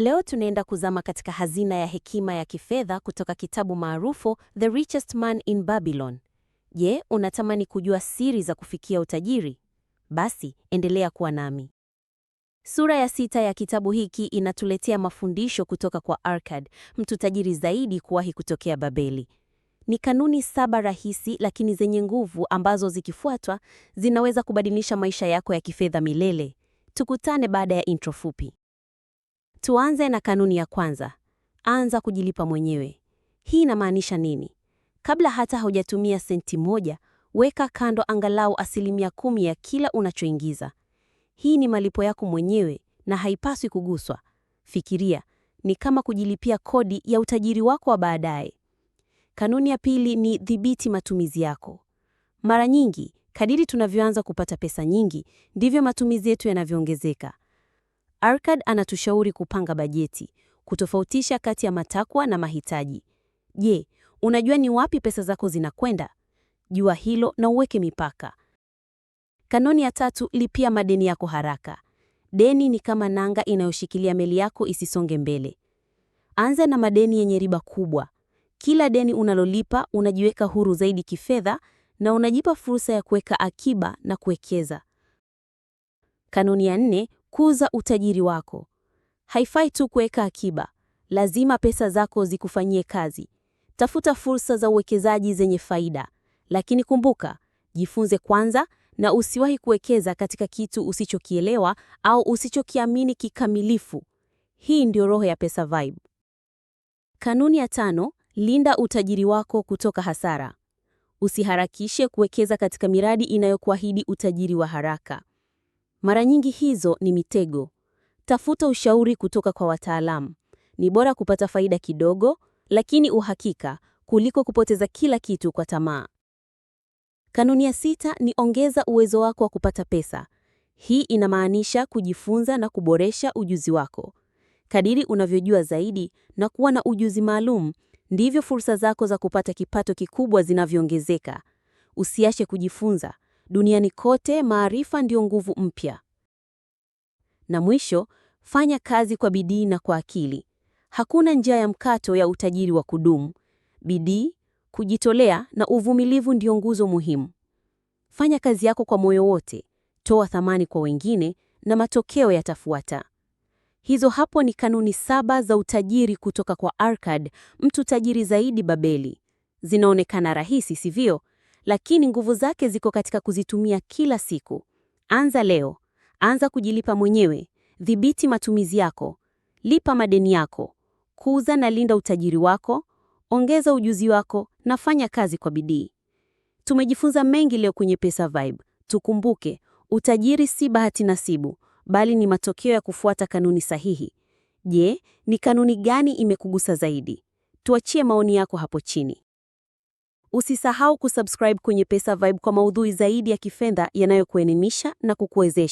Leo tunaenda kuzama katika hazina ya hekima ya kifedha kutoka kitabu maarufu The Richest Man in Babylon. Je, unatamani kujua siri za kufikia utajiri? Basi endelea kuwa nami. Sura ya sita ya kitabu hiki inatuletea mafundisho kutoka kwa Arkad, mtu tajiri zaidi kuwahi kutokea Babeli. Ni kanuni saba rahisi lakini zenye nguvu ambazo zikifuatwa zinaweza kubadilisha maisha yako ya kifedha milele. Tukutane baada ya intro fupi. Tuanze na kanuni ya kwanza, anza kujilipa mwenyewe. Hii inamaanisha nini? Kabla hata haujatumia senti moja, weka kando angalau asilimia kumi ya kila unachoingiza. Hii ni malipo yako mwenyewe na haipaswi kuguswa. Fikiria, ni kama kujilipia kodi ya utajiri wako wa baadaye. Kanuni ya pili ni dhibiti matumizi yako. Mara nyingi kadiri tunavyoanza kupata pesa nyingi, ndivyo matumizi yetu yanavyoongezeka. Arkad anatushauri kupanga bajeti, kutofautisha kati ya matakwa na mahitaji. Je, unajua ni wapi pesa zako zinakwenda? Jua hilo na uweke mipaka. Kanuni ya tatu, lipia madeni yako haraka. Deni ni kama nanga inayoshikilia meli yako isisonge mbele. Anza na madeni yenye riba kubwa. Kila deni unalolipa unajiweka huru zaidi kifedha na unajipa fursa ya kuweka akiba na kuwekeza. Kanuni ya nne, Kuza utajiri wako. Haifai tu kuweka akiba, lazima pesa zako zikufanyie kazi. Tafuta fursa za uwekezaji zenye faida, lakini kumbuka, jifunze kwanza na usiwahi kuwekeza katika kitu usichokielewa au usichokiamini kikamilifu. Hii ndio roho ya Pesa Vibe. Kanuni ya tano, linda utajiri wako kutoka hasara. Usiharakishe kuwekeza katika miradi inayokuahidi utajiri wa haraka. Mara nyingi hizo ni mitego. Tafuta ushauri kutoka kwa wataalamu. Ni bora kupata faida kidogo lakini uhakika kuliko kupoteza kila kitu kwa tamaa. Kanuni ya sita ni ongeza uwezo wako wa kupata pesa. Hii inamaanisha kujifunza na kuboresha ujuzi wako. Kadiri unavyojua zaidi na kuwa na ujuzi maalum, ndivyo fursa zako za kupata kipato kikubwa zinavyoongezeka. Usiache kujifunza. Duniani kote maarifa ndiyo nguvu mpya. Na mwisho, fanya kazi kwa bidii na kwa akili. Hakuna njia ya mkato ya utajiri wa kudumu. Bidii, kujitolea na uvumilivu ndiyo nguzo muhimu. Fanya kazi yako kwa moyo wote, toa thamani kwa wengine na matokeo yatafuata. Hizo hapo ni kanuni saba za utajiri kutoka kwa Arkad, mtu tajiri zaidi Babeli. Zinaonekana rahisi, sivyo? lakini nguvu zake ziko katika kuzitumia kila siku. Anza leo, anza kujilipa mwenyewe, dhibiti matumizi yako, lipa madeni yako, kuuza na linda utajiri wako, ongeza ujuzi wako na fanya kazi kwa bidii. Tumejifunza mengi leo kwenye Pesa Vibe. Tukumbuke, utajiri si bahati nasibu, bali ni matokeo ya kufuata kanuni sahihi. Je, ni kanuni gani imekugusa zaidi? Tuachie maoni yako hapo chini. Usisahau kusubscribe kwenye Pesa Vibe kwa maudhui zaidi ya kifedha yanayokuelimisha na kukuwezesha.